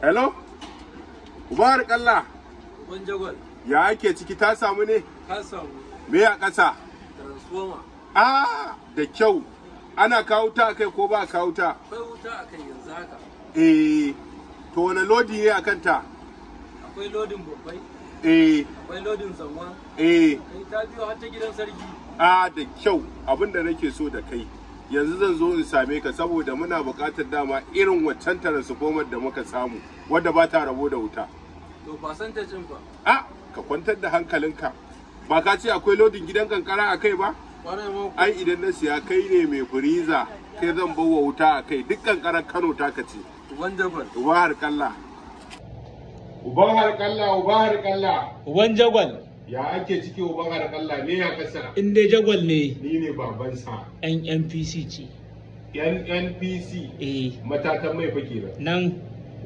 hello mubarak Allah mun jagwal ya ake ciki ta samu ne ta samu me a ƙasa transformer ah da kyau ana kawo ta akai ko ba kawo ta akwai wuta akai yanzu haka eh to wani lodi ne akan ta akwai lodin babbai eh akwai lodin zanwa eh kai ta biyo har ta gidan sarki ah da kyau abinda nake so da kai yanzu zan zo in same ka saboda muna bukatar dama irin waccan transformer da muka samu wadda ba ta rabo da wuta to ba ta cin fa a ka kwantar da hankalinka ba ka ce akwai lodin gidan kankara akai ba ai idan na siya kai ne mai firiza kai zan bawa wuta a kai duk kankarar kano ta ka ce uban harkalla uban harkalla uban harkalla uban jagwal ya ake ciki uban harkalla ne ya kasara in dai jagwal ne ni ne baban sa. nnpc ce nnpc eh matatan mai fa ba. nan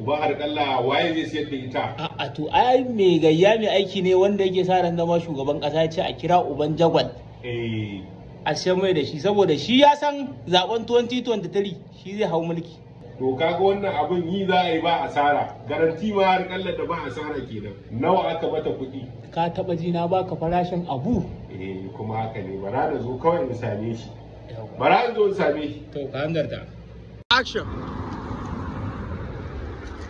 uban harkalla waye zai sayar da ita a'a to ai me gayya mai aiki ne wanda yake sa ran zama shugaban kasa ce a kira uban jagwal eh a mai da shi saboda shi ya san zaben 2023 shi zai hau mulki to kaga wannan abin yi za a yi ba asara garanti ma har kalla da ba asara kenan nawa aka bata kuɗi ka taba ji na baka farashin abu eh kuma haka ne bara da zo kawai in same shi bara in zo in same shi to ka hangarta action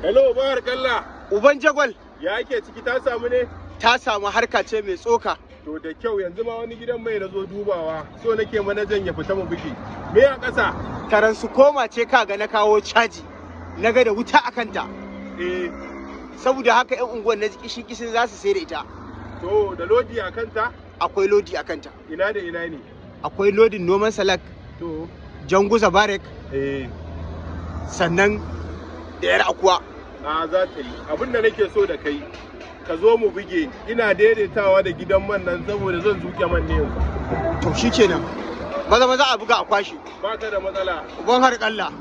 hello bahar kalla uban jagwal ya yake ciki ta samu ne ta samu harka ce mai tsoka to da kyau yanzu ma wani gidan mai na zo dubawa so nake manajan ya fita mu biki. me a ƙasa taran su koma ce kaga na kawo caji na ga da wuta a kanta eh saboda haka yan unguwar na kishin kishin za su sai da ita to da lodi a kanta akwai lodi a kanta ina da ina ne akwai lodin noman salak to janguza barek eh sannan da yar akuwa a za ta yi abin da nake so da kai ka zo mu buge ina daidaitawa da gidan man nan saboda zan zuke man ne yanzu to shikenan maza maza a buga a kwashi ba ka da matsala uban har kalla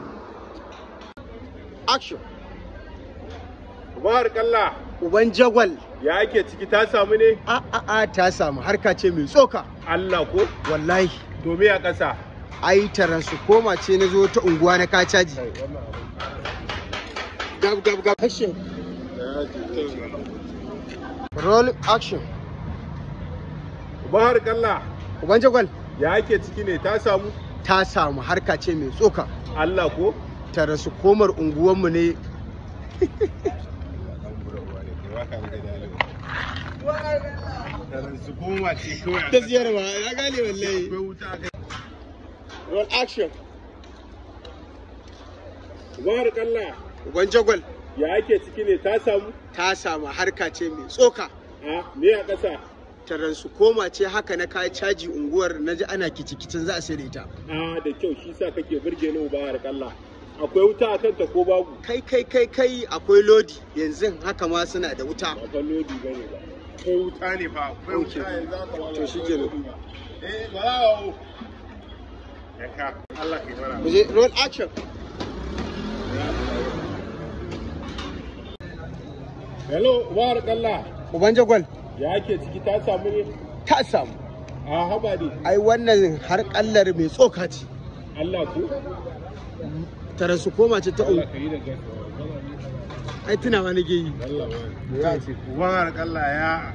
action uban har kalla uban jagwal ya ake ciki ta samu ne a a a ta samu harka ce mai tsoka Allah ko wallahi to a ƙasa ai taran su koma ce na zo ta unguwa na kacaji gab gab gab roll action bahar kalla uban jagwal ya ake ciki ne ta samu ta samu harka ce mai tsoka Allah ko ta rasu komar unguwanmu ne ta ziyarwa ya gane wallahi roll action bahar kalla uban jagwal ya ake ciki ne ta samu ta samu harka ce mai tsoka a me a ƙasa taron su koma ce haka na kai caji unguwar na ji ana kicikicin za a sai ta a da kyau shi sa kake burge ni ba kalla akwai wuta a kanta ko babu kai kai kai kai akwai lodi yanzu haka ma suna da wuta ba lodi bane ba akwai wuta ne ba akwai wuta yanzu haka to shi ke eh ba Allah ke mana roll action hello war kalla uban jagwal ya ke ciki ta samu ne ta samu a haba ne ai wannan har kallar mai tsoka ce Allah ku Tara su koma ce ta uku. ai tunawa nake yi Allah ya ce uwar kalla ya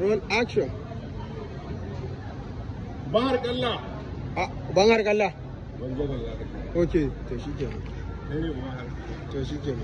roll action bahar kalla Ah, bahar kalla Okay, to shi kenan 没有啊，们还九十九。